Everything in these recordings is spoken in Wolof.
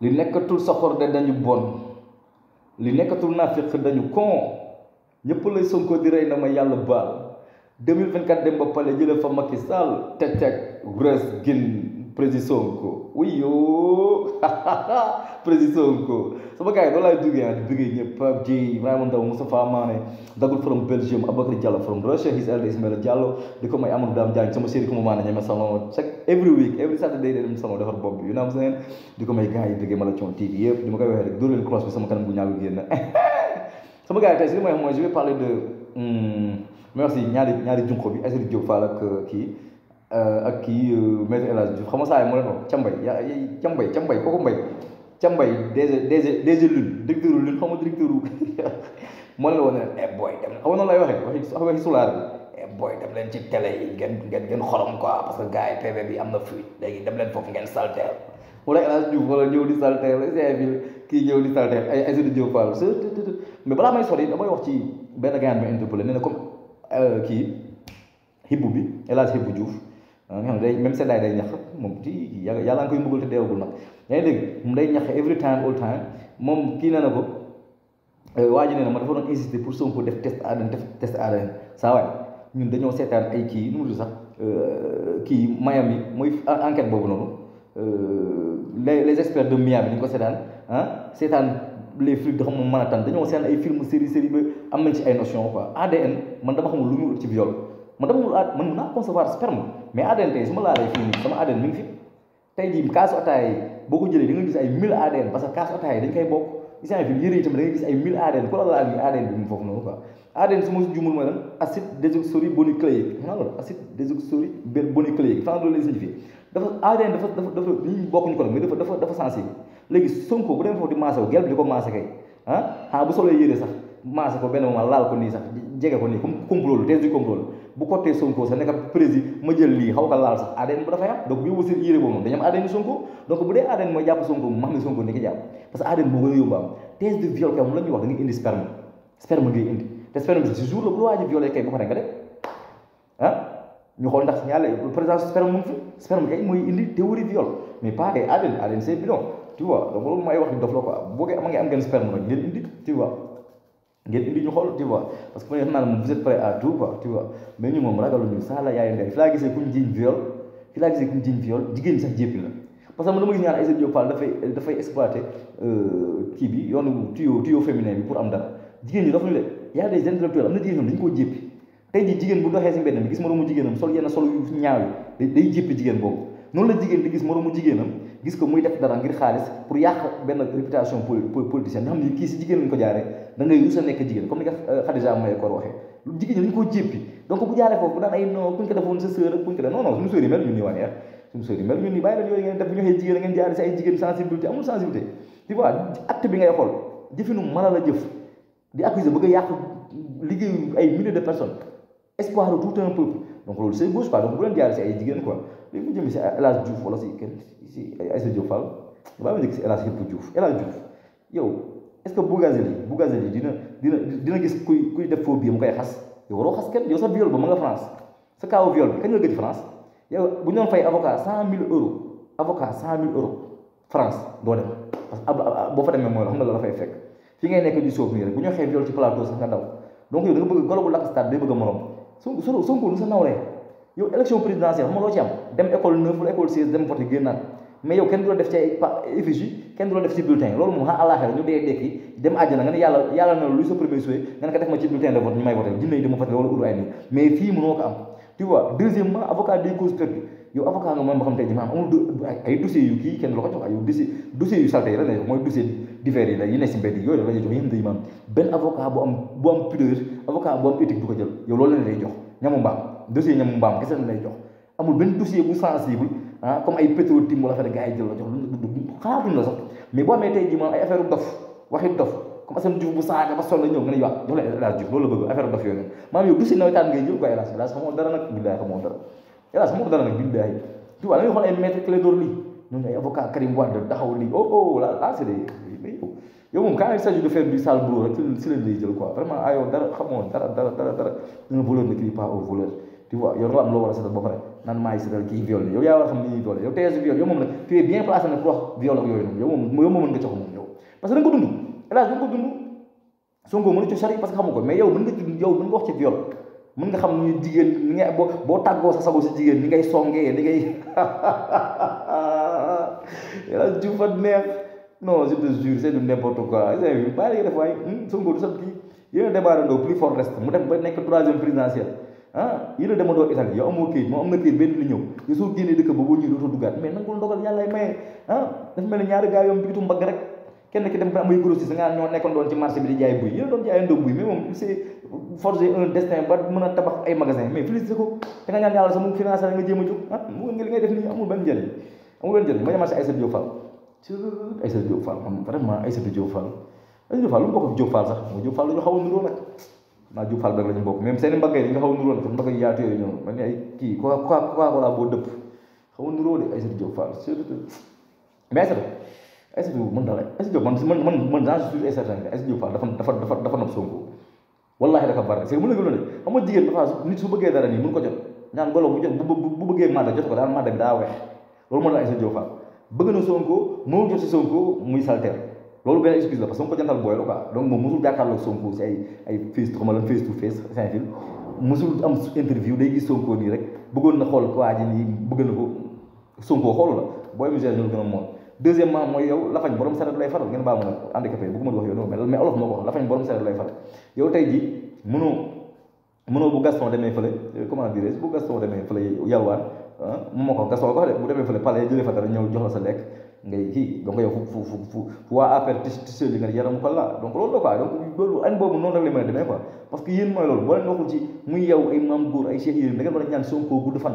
li nekkatul soxor de dañu bon li nekkatul naafiq dañu kon ñëpp lay Sonko di rey na ma yàlla baal 2024 dem ba pale jëlee fa Macky Sall teg teg rës gin président Sonko wuyoo président Sonko sama gars yi loolu laay duggee ah di bëggee ñëpp Pape Dieye Ibrahima Ndaw Moustapha Mané dagul from Belgium Aboubacry Diallo from Russia his elder Ismaila Diallo di ko may Amadou Dame Diagne sama chéri ko ma maane ñeme salon chaque every week every Saturday day dem salon defar bopp bi yu naam seen may gars yi bëggee Malathion TV di ma koy waxee rek bi sama kanam bu ñaaw génn sama gars yi tey si li may wax mooy je de hmm, merci ak kii maître El Hadj Diouf xam nga saa yi ma leen wax Cambay yaa Cambay Cambay kooku Mbay Cambay DG DG DG Lune directeur Lune xam nga directeur moo leen wax ne eh boy dem xam nga noonu lay waxee leen ci télé yi ngeen ngeen ngeen xorom quoi parce que gars bi am na fuite léegi dem leen foofu ngeen salteel wala El Hadj Diouf wala ñëw di salteel bi kii ñëw di salteel ay ay sëriñ Diouf Fall mais balaa damay wax ci benn gars yi ma interpellé kii bi El Hadj Hibbu nga xam ne day même seddaay day ñax moom ti yàlla nga koy mbugal te deewagul nag yaa ngi dégg moom day ñax na ko waa ji nee na ma dafa doon insister pour Sonko def test def test ADN saa waay ñun dañoo seetaan ay kii nu mu tudd sax kii Miami mooy enquête boobu noonu les les de Miami ñu ko seetaan ah les films de xam moom dañoo seetaan ay film série am nañ ci ay notion quoi ADN man dama xamul lu mu ci viol man dama xamul man mun naa concevoir sperme mais ADN tey su ma laalee fii nii sama ADN mi ngi fi tey jii kaasu ataaya yi boo ko jëlee da nga gis ay 1000 ADN parce que kaasu ataaya yi dañ koy bokk gis naa fi yëre yi tamit da nga dafa ADN dafa dafa dafa ñu bokkuñu ko nag mais dafa dafa dafa sensible léegi Sonko bu demee foofu di maasaw gel bi di ko maasa kay ah ah bu solee yére sax maasa ko benn moment laal ko nii sax jege ko nii comme complot la thèse du bu ko côté Sonko sa nekk prési ma jël li xaw ko laal sax ADN bu dafa am donc bi wasit yire bo mom dañ am ADN Sonko donc bu dé ADN mo japp Sonko ma xam ne Sonko niki japp parce que ADN moo gën yobam test de viol kay mom lañu wax da nga indi sperme sperme ngay indi te sperme ci jour le bu la waa violé kay bu ko rek def ah ñu xol ndax ñaale présence sperme mu fi sperme kay moy indi théorie viol mais pas ay ADN ADN c'est bidon tu vois donc loolu may wax ni dof la quoi bu koy am nga am ngeen sperme nak ngeen indi tu vois ngeen indi ñu xool tu vois parce que mu ne xam naa moom vous êtes prêt à tout quoi tu vois mais ñu moom ragaluñu saa la yaayu ndey fi laa gisee ku ñu jiñ viol laa gisee ku ñu jiñ jigéen ñi sax jéppi la parce que man dama gis ñaar Aïssatou Diop Fall dafay dafay exploité euh, kii bi yoonu tuyau tuyau féminin bi pour am dara jigéen ñi dofuñu de y a des intellectuels am na jigéen ñoom dañu koo jéppi tey jii jigéen bu doxee si mbedd mi gis moroomu jigéenam sol yenn sol yu ñaaw yi day jéppi jigéen boobu noonu la jigéen di gis moroomu jigéenam gis ko muy def dara ngir xaalis pour yàq benn réputation politicien nga xam ne kii si jigéen lañ ko jaaree da ngay nekk jigéen comme ni nga euh, Khadija Maye Koor ah. waxee jigéen ñi ñu si ay jigéen sensibilité amul sensibilité tu vois acte bi ngay xool jëfinu mala la jëf di accuser bëgg yàq liggéeyu ay milliers de personnes espoir de tout donc loolu c'est gauche quoi donc bu leen jaaree si ay jigéen quoi léegi bu jëm si El Hadj Diouf wala si kenn si Aïssa Diop Fall baa ma nekk si El Hadj Diouf Diouf El Hadj Diouf yow est-ce que Bougazeli Bougazeli dina dina dina gis kuy kuy def faux billet mu koy xas yow waroo xas kenn yow sa viol ba ma nga France sa kaaw viol bi kañ nga gëj France yow bu ñu doon fay avocat cent mille euros avocat cent mille euros France doo dem parce que boo fa demee mooy la xam nga la fay fekk fi ngay nekk di soof nii rek bu ñu waxee viol ci plateau sax nga daw donc yow da nga bëgg golo bu lakk stade day bëgg a morom Sonko Sonko Sonko du sa nawle yow élection présidentielle xam nga loo ci am dem école 9 wala école 16 dem voté génnaat mais yow kenn du la def ci effigie kenn du la def ci bulletin loolu moom xaa àllaaxira ñu dee dem àjjana nga ne yàlla yàlla na luy sa premier souhait nga ne ko def ma ci bulletin de vote ñu may voté jinne yi dama voté wala uru ay mais fii mënoo ko am tu deuxièmement avocat des causes perdues yow avocat nga moom boo xam tey ko jox ay dossier dossiers yu salté yi la tey ji ay affaire dof waxi dof comme Assane Diouf bu saaga ba sol la ñëw nga ne yow jox la El Hadj Diouf loolu la bëgg affaire dof yooyu maanaam yow dossier nawetaan ngay ñëw ko El Hadj El xamoo dara nag billaay xamoo dara يلا سمو دانا tu دو انا يخل المتر كلي دور لي non ay avocat Karim Wade taxaw ni oh oh là là c'est des yo yow yow moom quand il s'agit de faire du sale boulot rek si lañ lay jël quoi vraiment ayoo dara xamoo dara dara dara dara un voleur ne crie pas au voleur tu vois yo ram loo war a ba pare nan maay seetal kii viol yo yaa war a xam ni viol yo tees viol yo moom nag tu es bien placé nag wax viol ak yooyu noonu yow moom yow moom nga jox moom yow parce que da nga ko dund hélas da nga ko dund sonko mënu ci sari viol mën nga xam ni jigéen ni ngay boo boo tàggoo sa sago si jigéen ni ngay songee ni ngay yàlla jiw fa neex non je te jure c'est du n'importe quoi c'est vrai bàyyi la def waaye hmm, du sab kii yéen a démarré ndoo plus fort reste mu dem ba nekk troisième présidentielle ah yéen a demandoo Italie yow amoo këyit moom am na këyit benn li ñëw yow soo génnee dëkk ba boo ñëwee dootoo duggaat mais nangul ndogal yàlla lay maye ah, dafa mel ne ñaari gaa yoom biitu mbagg rek kenn ya, ki dem bay am ay nga ñoo nekkon doon ci marché bi di jaay buy yéen doon jaay ndóob buy mais mom c'est forger un destin ba mëna tabax ay magasin mais félicité ko da nga ñaan yalla sax mu financé nga jëm juk ah mu ngi ngay def ni amul benn jël amul benn jël ma demaat ay sa Diop Fall ci sa Diop Fall am vraiment Aïssatou Diop Fall Aïssatou Diop Fall lu bokk ak Diop Fall sax mooy Diop Fall lu ñu xaw a nuroo Fall rek la ñu bokk même seen mbagay nga xawu a nuroo nag yaatu yooyu ñoom man ay kii ko ko quoi voilà boo dëpp xaw a nuroo de Aïssatou Diop Fall mais Aïssatou Diop mën dara Aïssatou Diop man man man man j'en suis certain que Aïssatou Diop dafa dafa dafa dafa nopp Sonko wallaahi dafa bare c'est que mën na gëloon ne xam nga jigéen dafa nit su nii mën ko jot loolu na Sonko moo jot day gis Sonko nii rek bëggoon na xool waa ji nii bëgg na ko Sonko xoolu la booy mu gën a moom deuxièmement mooy yow lafañ borom sareet lay faral ngeen baal ma handicapé bëgguma di wax yow no mel mais olof moo ko wax lafañ borom sareet lay faral yow ji mënoo mënoo bu gaston demee fële euh, comment dire bu gaston demee fële yalwaan moom moo ko ko de bu demee fële palais jëlee fa dara ñëw jox la sa lekk ngay kii donc yow fu fu fu fu waa affaire tissé li nga yaram ko la donc quoi donc la quoi parce que fan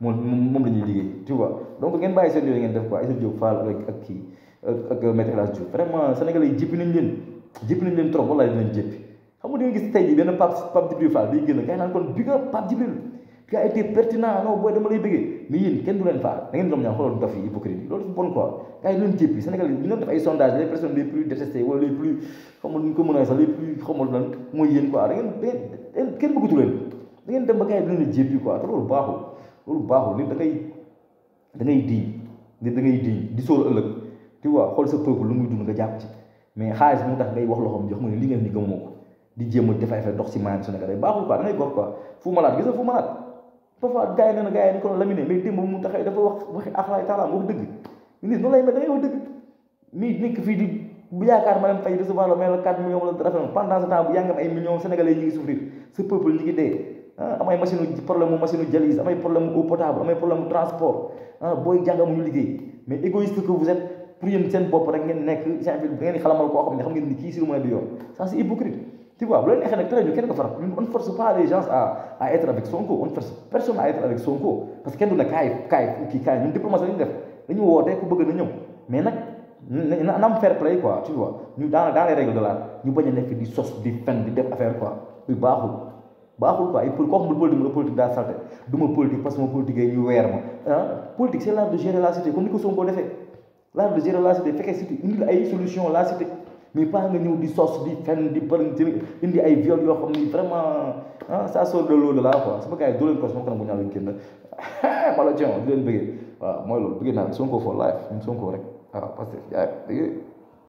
moom moom la ñuy liggéey tu vois donc ngeen bàyyi seen yooyu ngeen def quoi Aïssatou Diop Fall ak ak kii ak ak euh, Maître El Hadji Diouf vraiment sénégalais yi jëppi nañ leen jëppi nañ leen trop walaay dinañ jëppi xam nga di nga gis tey jii benn Pape Pape Djibril Fall day génn gars yi naan kon bi nga Pape Djibril tu as été pertinent non booy dama lay bëggee mais yéen kenn du leen faal da ngeen doom ñaan xoolal dof yi hypocrite yi loolu bon quoi gars yi leen jéppi Sénégal yi ñu doon def ay sondage les personnes les plus détestées wala les plus xamul ñu ko mën a sax les plus xamul lan mooy yéen quoi da ngeen da ngeen kenn bëggatu leen da ngeen dem ba gars yi di leen jéppi quoi te loolu baaxul loolu baaxul nit da ngay da ngay diñ nit da ngay diñ di soo ëllëg tu vois xool sa peuple lu muy dund nga jàpp ci mais xaalis bi mu tax ngay wax loxoom jox ma ne li ngeen ni ko di jéem a defa dox si maanaam Sénégal day baaxul quoi da ngay gor quoi Fou Malade gis nga Fou Malade parfois gars yi nee na gars yi mu taxay dafa wax waxi axlaay dëgg nit noonu lay mel da ngay nekk fii di bu yaakaar ma dem fay recevoir la mais la 4 millions wala dara pendant ce temps bu peuple ñi dee Ah, amay machine problème mu machine dialyse amay problème mu eau potable amay problème mu transport ah, booy jàng amuñu liggéey mais égoïste que vous êtes pour yéen seen bopp rek nekk genre bi ngeen xalamal koo ñu kenn ko def dañu woote ku bëgg na ñëw mais nag na na am fair play quoi tu vois ñu dans dans les règles ñu bañ a nekk di sos di fen di def affaire quoi lu baaxul. baaxul quoi ay pour koo xamul politique daa salte du ma politique ma politique yi weer ma ah politique c' est l' la cité comme ni ko Sonko defee l' art de gérer la cité fekkee cité indi la ay solution la cité mais pas nga ñëw di sos di fenn di bëri indi ay viol yoo xam ni vraiment ah ça sort de l'eau de là quoi sama gars yi doo leen ko sama kanam bu ñaaw lañ kenn mala tion di leen bëggee waaw mooy loolu bëggee naa Sonko for life ñun Sonko rek waaw parce